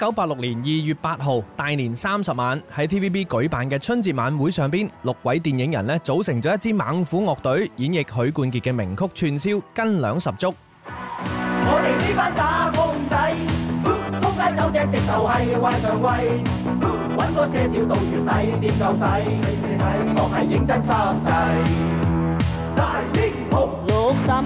一九八六年二月八號，大年三十晚喺 TVB 舉辦嘅春節晚會上邊，六位電影人呢組成咗一支猛虎樂隊，演繹許冠傑嘅名曲《串燒斤兩十足》。我哋呢班打工仔，通街走只直頭係壞上貴，搵多些少到月底點夠使，莫係認真三制，大英雄六三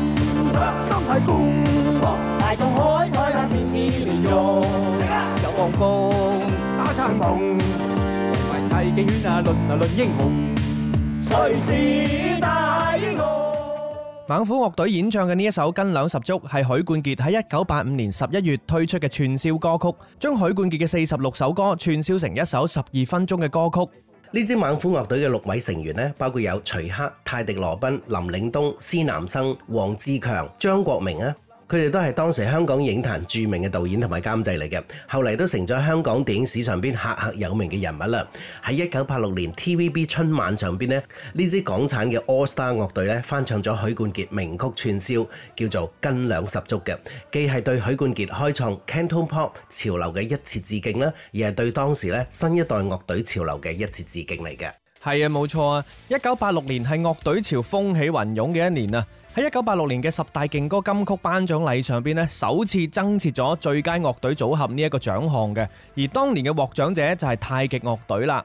三係功夫，大中華最叻面市了。放光打蒼龍，同埋太極圈啊，論啊論英雄，誰是大英雄？猛虎樂隊演唱嘅呢一首《斤兩十足》，係許冠傑喺一九八五年十一月推出嘅串燒歌曲，將許冠傑嘅四十六首歌串燒成一首十二分鐘嘅歌曲。呢支猛虎樂隊嘅六位成員咧，包括有徐克、泰迪羅賓、林嶺東、施南生、黃志強、張國明啊。佢哋都係當時香港影壇著名嘅導演同埋監製嚟嘅，後嚟都成咗香港電影史上邊赫赫有名嘅人物啦。喺一九八六年 TVB 春晚上邊咧，呢呢支港產嘅 All Star 樂隊咧翻唱咗許冠傑名曲串燒，叫做《斤兩十足》嘅，既係對許冠傑開創 Cantopop 潮流嘅一次致敬啦，而係對當時咧新一代樂隊潮流嘅一次致敬嚟嘅。係啊，冇錯啊！一九八六年係樂隊潮風起雲湧嘅一年啊！喺一九八六年嘅十大勁歌金曲頒獎禮上邊咧，首次增設咗最佳樂隊組合呢一個獎項嘅，而當年嘅獲獎者就係太極樂隊啦。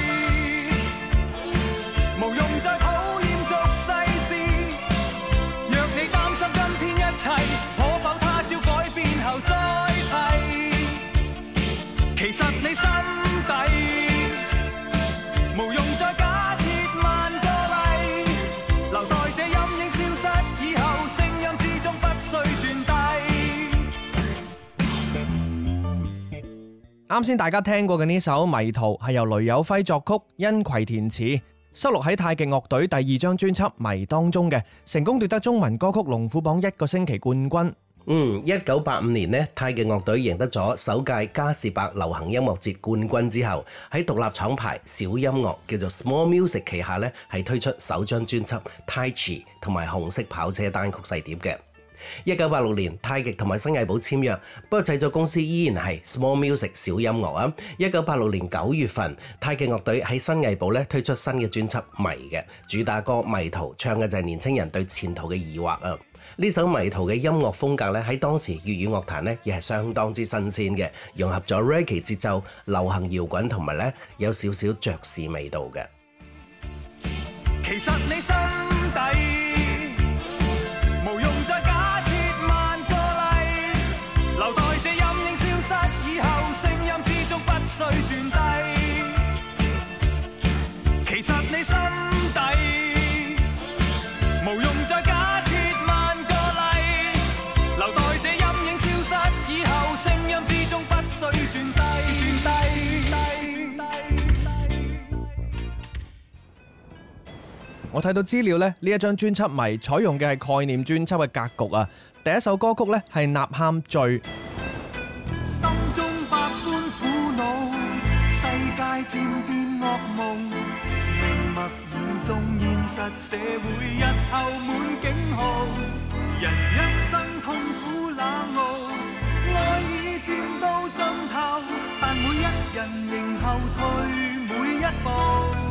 啱先大家聽過嘅呢首《迷途》係由雷有輝作曲、因葵填詞，收錄喺太極樂隊第二張專輯《迷》當中嘅，成功奪得中文歌曲龍虎榜一個星期冠軍。嗯，一九八五年呢，太極樂隊贏得咗首屆嘉士伯流行音樂節冠軍之後，喺獨立廠牌小音樂叫做 Small Music 旗下呢，係推出首張專輯《Tai Chi》同埋《紅色跑車》單曲細碟嘅。一九八六年，太極同埋新藝寶簽約，不過製作公司依然係 Small Music 小音樂啊。一九八六年九月份，太極樂隊喺新藝寶咧推出新嘅專輯《迷》嘅主打歌《迷途》，唱嘅就係年輕人對前途嘅疑惑啊。呢首《迷途》嘅音樂風格咧喺當時粵語樂壇咧亦係相當之新鮮嘅，融合咗 Reggae 節奏、流行搖滾同埋咧有少少爵士味道嘅。其實你想我睇到資料呢，呢一張專輯迷採用嘅係概念專輯嘅格局啊，第一首歌曲呢係「呐喊序」：心中百般苦惱，世界漸變噩夢，默語中現實社會，日後滿警號，人一生痛苦冷傲，愛已戰到盡頭，但每一人仍後退每一步。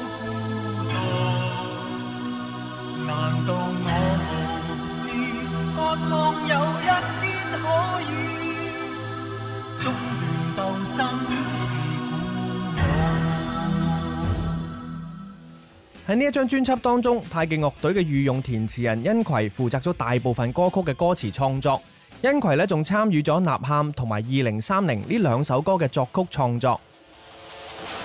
難道我渴望有一天可以終到真。喺呢一張專輯當中，太極樂隊嘅御用填詞人殷葵負責咗大部分歌曲嘅歌詞創作。殷葵咧仲參與咗《吶喊》同埋《二零三零》呢兩首歌嘅作曲創作。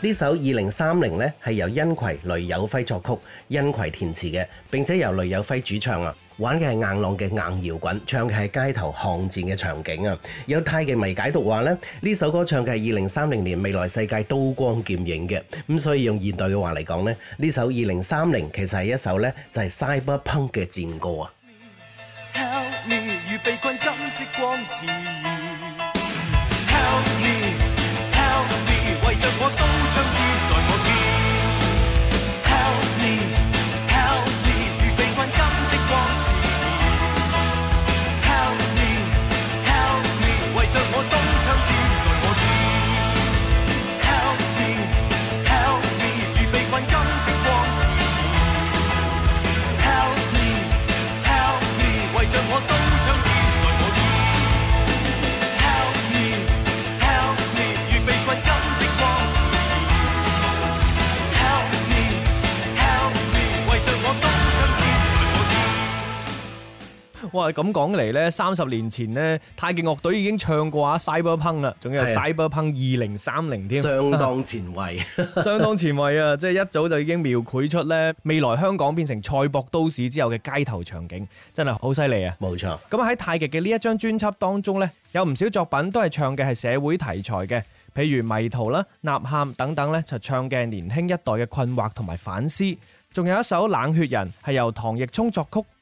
呢首《二零三零》咧，係由殷葵、雷有輝作曲，殷葵填詞嘅，並且由雷有輝主唱啊。玩嘅係硬朗嘅硬搖滾，唱嘅係街頭巷戰嘅場景啊。有太極迷解讀話咧，呢首歌唱嘅係二零三零年未來世界刀光劍影嘅。咁所以用現代嘅話嚟講咧，呢首《二零三零》其實係一首咧就係 cyberpunk 嘅戰歌啊。咁講嚟呢，三十年前呢，太極樂隊已經唱過啊《Cyberpunk》啦，仲有《Cyberpunk 二零三零》添，相當前衛，相當前衛啊！即係一早就已經描繪出咧未來香港變成賽博都市之後嘅街頭場景，真係好犀利啊！冇錯，咁喺太極嘅呢一張專輯當中呢，有唔少作品都係唱嘅係社會題材嘅，譬如《迷途》啦、《吶喊》等等呢，就唱嘅年輕一代嘅困惑同埋反思。仲有一首《冷血人》，係由唐奕聰作曲，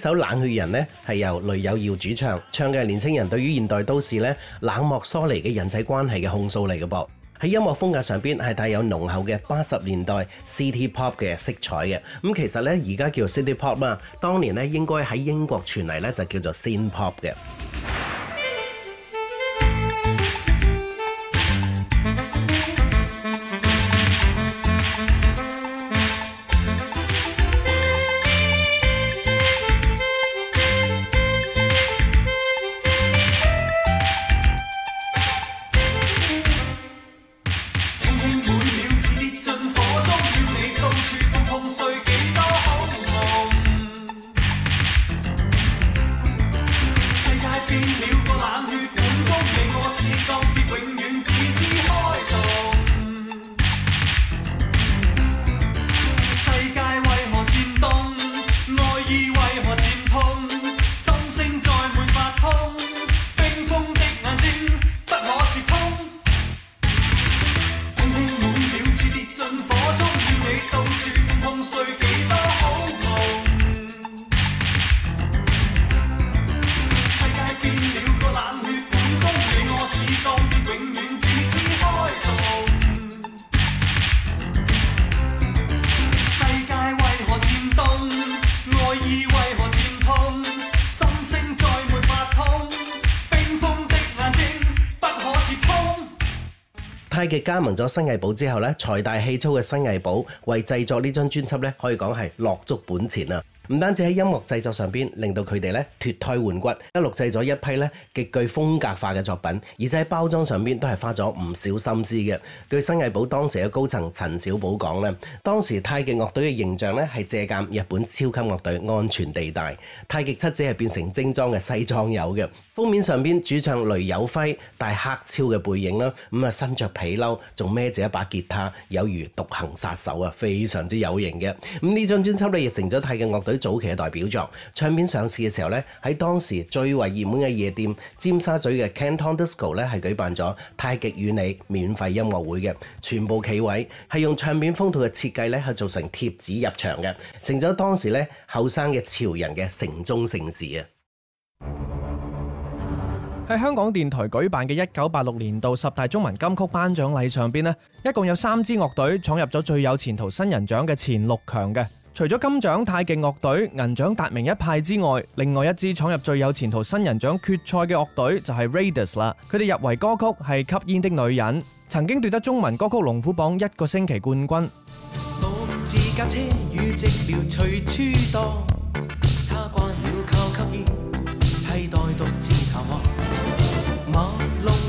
呢首冷血人呢，係由雷有耀主唱，唱嘅係年青人對於現代都市冷漠疏離嘅人際關係嘅控訴嚟嘅噃。喺音樂風格上邊係帶有濃厚嘅八十年代 City Pop 嘅色彩嘅。咁其實呢，而家叫 City Pop 嘛，當年呢應該喺英國傳嚟呢，就叫做 Syn Pop 嘅。嘅加盟咗新藝寶之後咧，財大氣粗嘅新藝寶為製作呢張專輯咧，可以講係落足本錢啊！唔單止喺音樂製作上邊，令到佢哋咧脫胎換骨，一路錄製咗一批咧極具風格化嘅作品，而且喺包裝上邊都係花咗唔少心思嘅。據新藝寶當時嘅高層陳小寶講咧，當時太極樂隊嘅形象咧係借鑑日本超級樂隊安全地帶，太極七子係變成精裝嘅西裝友嘅。封面上邊主唱雷有輝戴黑超嘅背影啦，咁啊身着皮褸仲孭住一把吉他，有如獨行殺手啊，非常之有型嘅。咁呢張專輯咧亦成咗太極樂隊早期嘅代表作。唱片上市嘅時候咧，喺當時最為熱門嘅夜店尖沙咀嘅 Canton Disco 咧，係舉辦咗《太極與你》免費音樂會嘅，全部企位係用唱片封套嘅設計咧去做成貼紙入場嘅，成咗當時咧後生嘅潮人嘅城中城市。啊！喺香港電台舉辦嘅一九八六年度十大中文金曲頒獎禮上邊咧，一共有三支樂隊闖入咗最有前途新人獎嘅前六強嘅。除咗金獎太極樂隊、銀獎達明一派之外，另外一支闖入最有前途新人獎決賽嘅樂隊就係 Raidas 啦。佢哋入圍歌曲係《吸煙的女人》，曾經奪得中文歌曲龍虎榜一個星期冠軍。我自駕車與寂寥隨處蕩，他慣了靠吸煙替代獨自。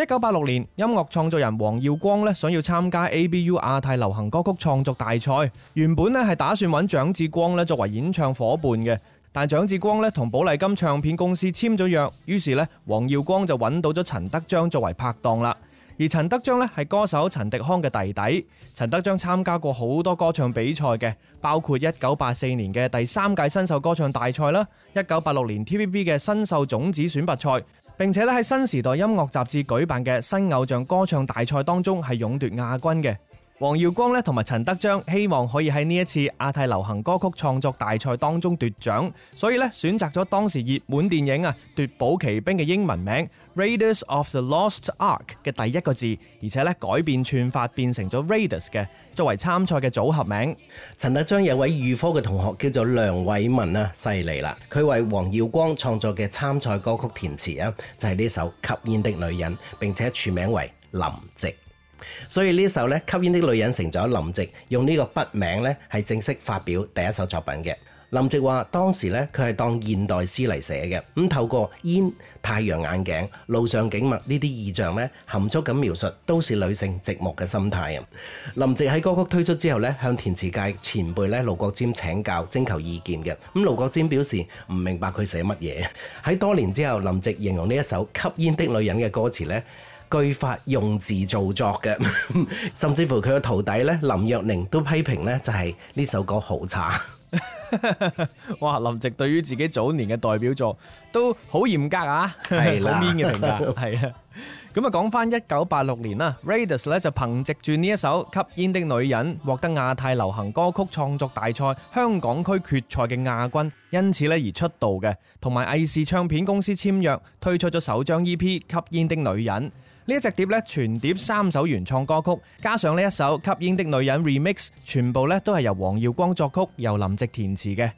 一九八六年，音樂創作人黃耀光呢想要參加 ABU 亞太流行歌曲創作大賽，原本呢係打算揾蔣志光呢作為演唱伙伴嘅，但蔣志光呢同寶麗金唱片公司簽咗約，於是呢黃耀光就揾到咗陳德章作為拍檔啦。而陳德章呢係歌手陳迪康嘅弟弟，陳德章參加過好多歌唱比賽嘅，包括一九八四年嘅第三屆新秀歌唱大賽啦，一九八六年 TVB 嘅新秀種子選拔賽。並且咧，喺新時代音樂雜誌舉辦嘅新偶像歌唱大賽當中係勇奪亞軍嘅黃耀光咧，同埋陳德章希望可以喺呢一次亞太流行歌曲創作大賽當中奪獎，所以咧選擇咗當時熱門電影啊《奪寶奇兵》嘅英文名。《Raiders of the Lost Ark》嘅第一個字，而且咧改變串法變成咗《Raidas》嘅，作為參賽嘅組合名。陳德章有位預科嘅同學叫做梁偉文啊，犀利啦！佢為黃耀光創作嘅參賽歌曲填詞啊，就係、是、呢首《吸煙的女人》，並且署名為林夕。所以呢首咧《吸煙的女人》成咗林夕用呢個筆名咧，係正式發表第一首作品嘅。林夕話當時咧佢係當現代詩嚟寫嘅，咁透過煙、太陽眼鏡、路上景物呢啲意象咧，含蓄咁描述，都是女性寂寞嘅心態啊！林夕喺歌曲推出之後咧，向填詞界前輩咧盧國沾請教徵求意見嘅。咁盧國沾表示唔明白佢寫乜嘢。喺多年之後，林夕形容呢一首《吸煙的女人》嘅歌詞咧，句法用字造作嘅， 甚至乎佢嘅徒弟咧林若寧都批評咧，就係呢首歌好差。 哇！林夕對於自己早年嘅代表作都好嚴格啊，係老 mean 嘅評價係啊。咁啊， 講翻一九八六年啦，Raidas 咧就憑藉住呢一首《吸煙的女人》獲得亞太流行歌曲創作大賽香港區決賽嘅亞軍，因此咧而出道嘅，同埋藝視唱片公司簽約，推出咗首張 E.P.《吸煙的女人》。呢一隻碟咧，全碟三首原創歌曲，加上呢一首《吸煙的女人》remix，全部咧都係由黃耀光作曲，由林夕填詞嘅。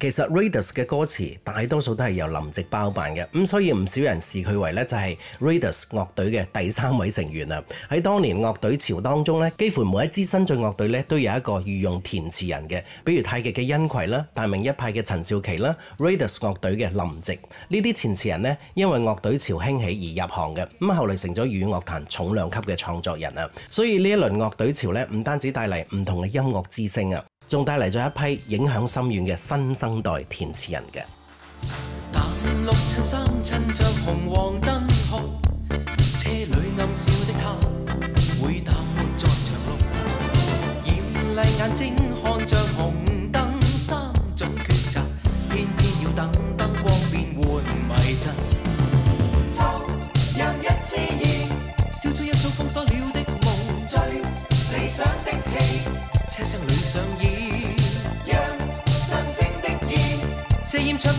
其實 Raidas 嘅歌詞大多數都係由林夕包辦嘅，咁所以唔少人視佢為咧就係 Raidas 樂隊嘅第三位成員啦。喺當年樂隊潮當中咧，幾乎每一支新進樂隊咧都有一個御用填詞人嘅，比如太極嘅殷葵啦、達明一派嘅陳少琪啦、Raidas 樂隊嘅林夕呢啲填詞人咧，因為樂隊潮興起而入行嘅，咁後嚟成咗樂壇重量級嘅創作人啊，所以呢一輪樂隊潮呢，唔單止帶嚟唔同嘅音樂之聲啊，仲帶嚟咗一批影響深遠嘅新生代填詞人嘅。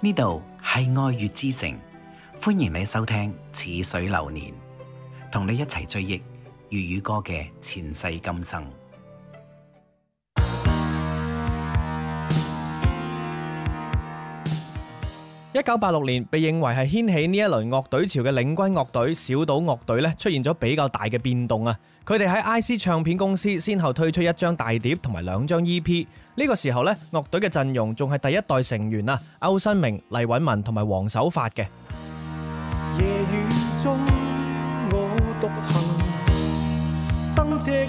呢度係愛粵之城，歡迎你收聽《似水流年》，同你一齊追憶粵語歌嘅前世今生。一九八六年，被認為係掀起呢一輪樂隊潮嘅領軍樂隊小島樂隊呢，出現咗比較大嘅變動啊！佢哋喺 I C 唱片公司先後推出一張大碟同埋兩張 E P。呢個時候呢，樂隊嘅陣容仲係第一代成員啊，區新明、黎允文同埋黃守發嘅。夜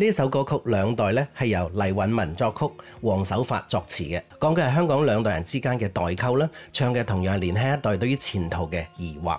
呢首歌曲兩代呢係由黎允文作曲、黃守發作詞嘅，講嘅係香港兩代人之間嘅代溝啦，唱嘅同樣係年輕一代對於前途嘅疑惑。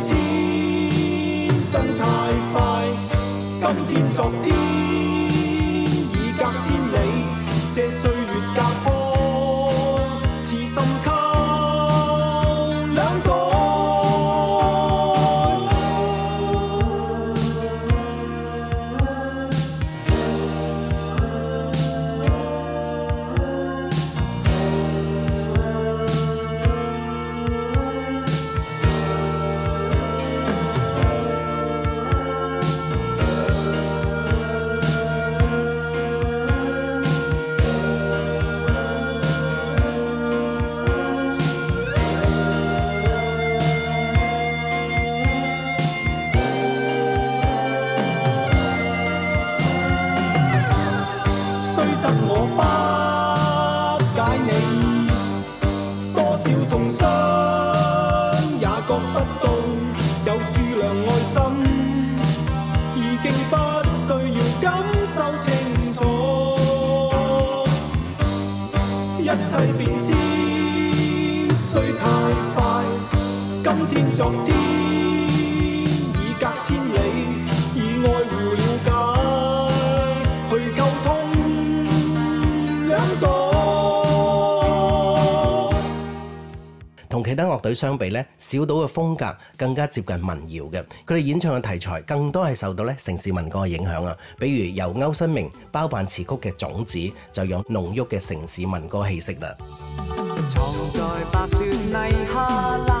相比咧，小島嘅風格更加接近民謠嘅，佢哋演唱嘅題材更多係受到咧城市民歌嘅影響啊，比如由區新明包辦詞曲嘅《種籽》，就有濃郁嘅城市民歌氣息藏在白雪啦。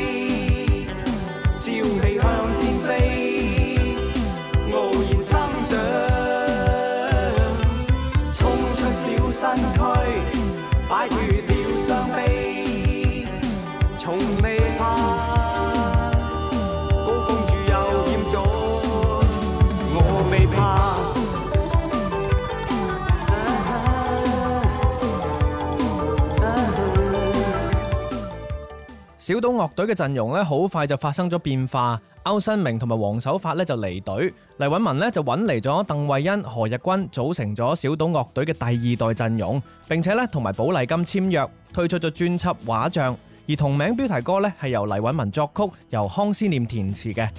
小島樂隊嘅陣容咧，好快就發生咗變化，區新明同埋黃守發咧就離隊，黎允文呢，就揾嚟咗鄧慧欣、何日君組成咗小島樂隊嘅第二代陣容，並且咧同埋寶麗金簽約，推出咗專輯《畫匠》，而同名標題歌咧係由黎允文作曲，由康思念填詞嘅。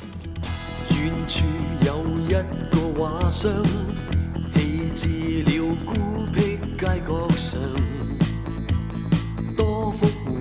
遠處有一個畫匠棄置了孤僻街角上。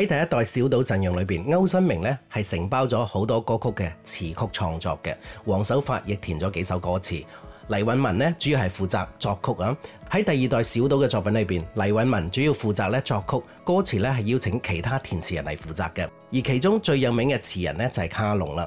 喺第一代小島陣容裏邊，區新明咧係承包咗好多歌曲嘅詞曲創作嘅，黃守發亦填咗幾首歌詞，黎允文咧主要係負責作曲啊。喺第二代小島嘅作品裏邊，黎允文主要負責咧作曲，歌詞咧係邀請其他填詞人嚟負責嘅，而其中最有名嘅詞人咧就係卡龍啦。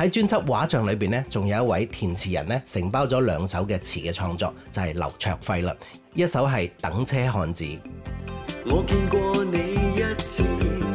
喺專輯《畫 匠》裏邊呢，仲有一位填詞人呢，承包咗兩首嘅詞嘅創作，就係劉卓輝啦。一首係《等車漢子》。我見過你一次。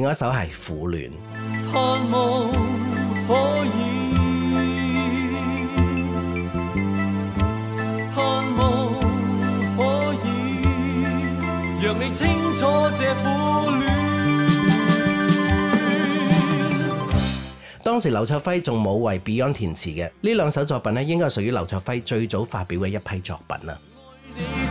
另一首係《苦戀》。「渴望可以，渴望可以讓你清楚這苦戀」。當時劉卓輝仲冇為 Beyond 填詞嘅呢兩首作品咧，應該係屬於劉卓輝最早發表嘅一批作品。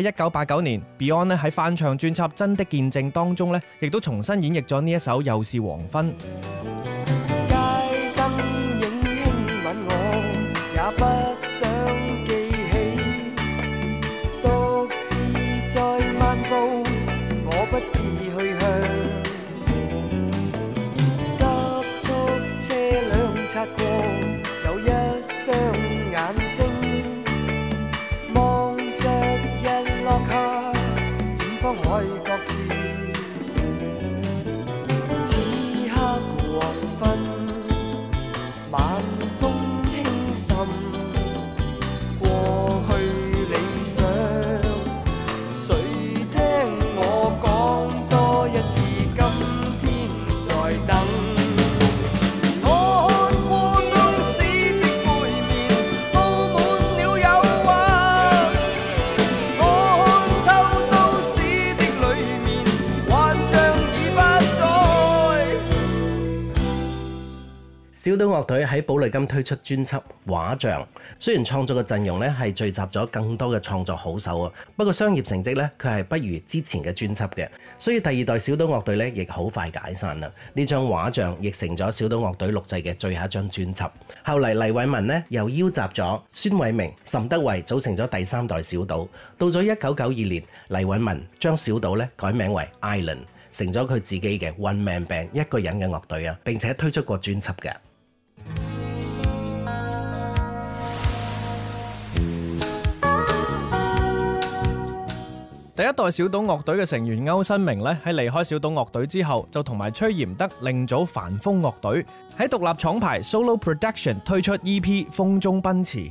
喺一九八九年，Beyond 咧喺翻唱專輯《真的見證》當中咧，亦都重新演繹咗呢一首《又是黃昏》。小島樂隊喺寶麗金推出專輯《畫匠》，雖然創作嘅陣容咧係聚集咗更多嘅創作好手啊，不過商業成績咧佢係不如之前嘅專輯嘅，所以第二代小島樂隊咧亦好快解散啦。呢張《畫匠》亦成咗小島樂隊錄製嘅最後一張專輯。後嚟黎偉文咧又邀集咗孫偉明、岑德維組成咗第三代小島。到咗一九九二年，黎偉文將小島咧改名為 Island，成咗佢自己嘅 one man band 一個人嘅樂隊啊，並且推出過專輯嘅。第一代小島樂隊嘅成員歐新明咧喺離開小島樂隊之後，就同埋崔炎德另組凡風樂隊，喺獨立廠牌 Solo Production 推出 EP《風中奔馳》。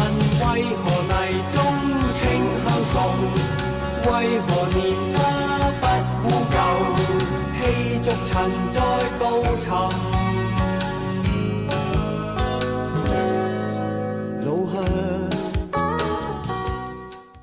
人在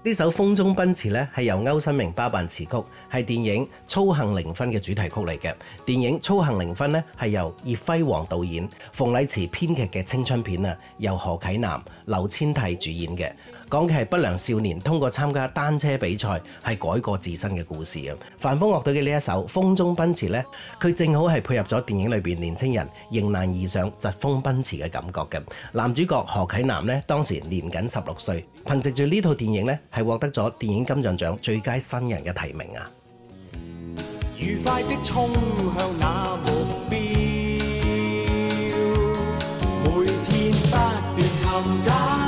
呢首《風中奔馳》咧，係由區新明包辦詞曲，係電影《操行零分》嘅主題曲嚟嘅。電影《操行零分》咧，係由葉輝煌導演、馮禮慈編劇嘅青春片啊，由何啟南、劉千蒂主演嘅。講嘅係不良少年通過參加單車比賽係改過自新嘅故事啊！凡風樂隊嘅呢一首《風中奔馳》呢，佢正好係配合咗電影裏邊年青人迎難而上疾風奔馳嘅感覺嘅。男主角何啟南呢，當時年僅十六歲，憑藉住呢套電影呢，係獲得咗電影金像獎最佳新人嘅提名啊！愉快的衝向那目標每天不斷尋找。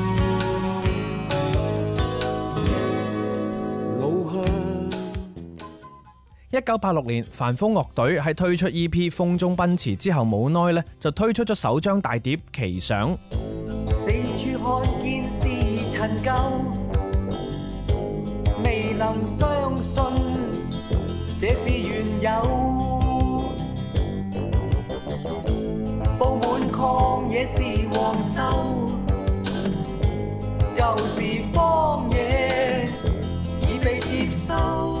一九八六年，凡風樂隊喺推出 EP《風中奔馳》之後，冇耐呢，就推出咗首張大碟《奇想》。四處看見是陳舊，未能相信這是緣由。布滿曠野是黃沙，舊時荒野已被接收。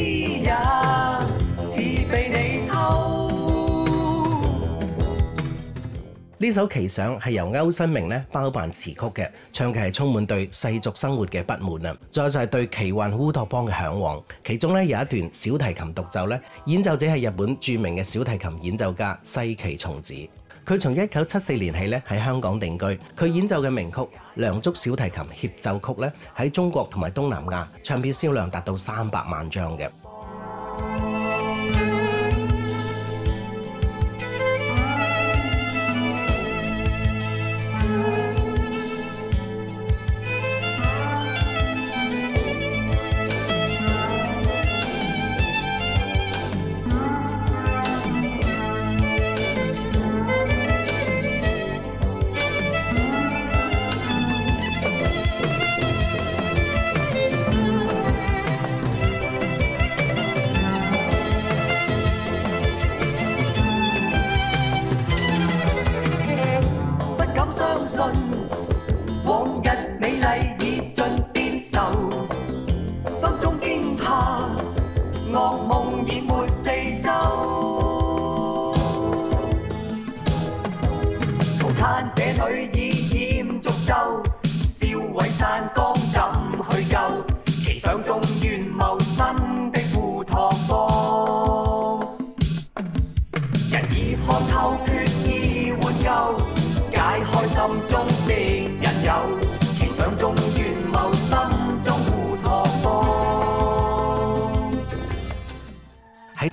呢首《奇想》係由區新明包辦詞曲嘅，唱詞充滿對世俗生活嘅不滿，再就係對奇幻烏托邦嘅向往。其中有一段小提琴獨奏，演奏者係日本著名嘅小提琴演奏家西崎崇子。佢從一九七四年起在喺香港定居，佢演奏嘅名曲《梁祝小提琴協奏曲》在喺中國同埋東南亞唱片銷量達到三百萬張。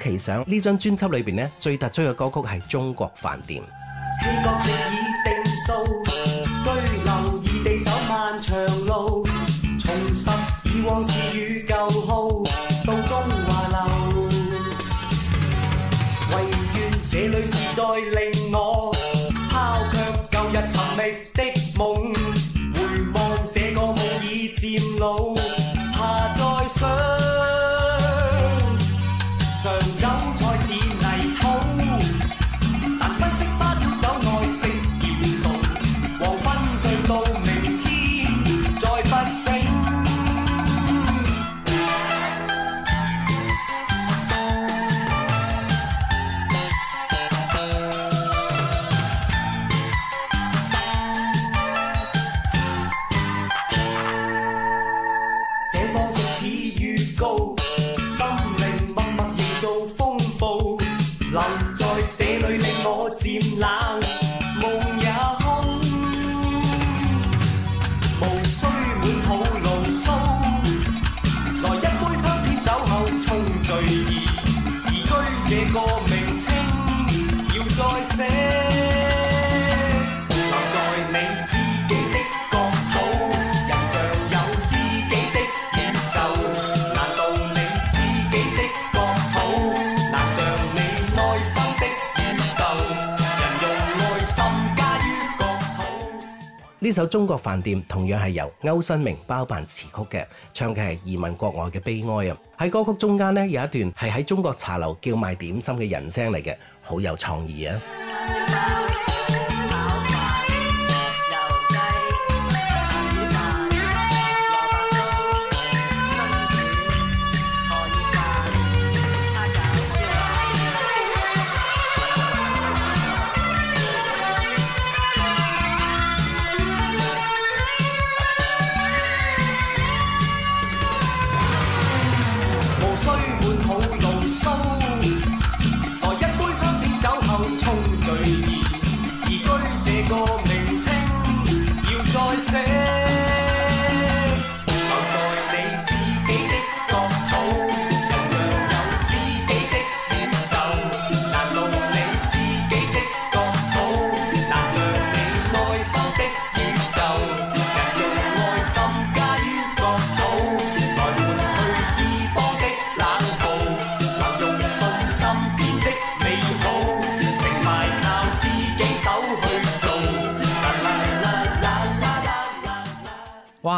奇想呢張專輯裏邊咧，最突出嘅歌曲係《中國飯店》。呢首《中國飯店》同樣係由區新明包辦詞曲嘅，唱嘅係移民國外嘅悲哀啊！喺歌曲中間呢，有一段係喺中國茶樓叫賣點心嘅人聲嚟嘅，好有創意啊！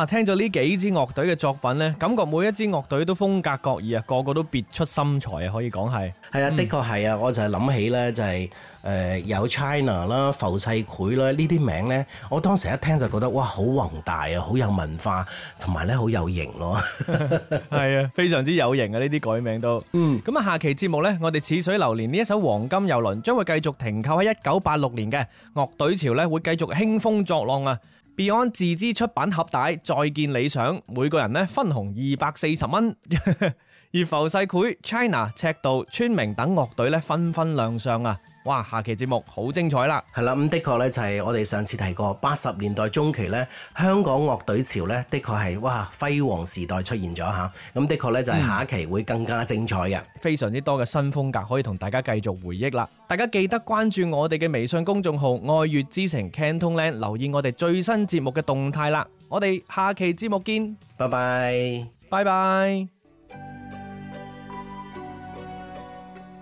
啊！聽咗呢幾支樂隊嘅作品咧，感覺每一支樂隊都風格各異啊，個個都別出心裁啊，可以講係。係啊，的確係啊，我就係諗起咧，就係誒有 China 啦、浮世繪啦呢啲名咧，我當時一聽就覺得哇，好宏大啊，好有文化，同埋咧好有型咯。係啊，非常之有型啊！呢啲改名都。嗯。咁啊，下期節目咧，我哋《似水流年》呢一首《黃金郵輪》將會繼續停靠喺一九八六年嘅樂隊潮咧，會繼續興風作浪啊！Beyond 自資出版盒帶《再見理想》，每個人呢分紅二百四十蚊。 而浮世繪、China、赤道、村明等樂隊咧，紛紛亮相啊！哇，下期節目好精彩啦！係啦，咁的確咧就係我哋上次提過，八十年代中期咧，香港樂隊潮咧的確係哇輝煌時代出現咗吓。咁的確咧就係下一期會更加精彩嘅，嗯，非常之多嘅新風格可以同大家繼續回憶啦。大家記得關注我哋嘅微信公眾號《愛粵之城 CantonLand》，留意我哋最新節目嘅動態啦。我哋下期節目見，拜拜，拜拜。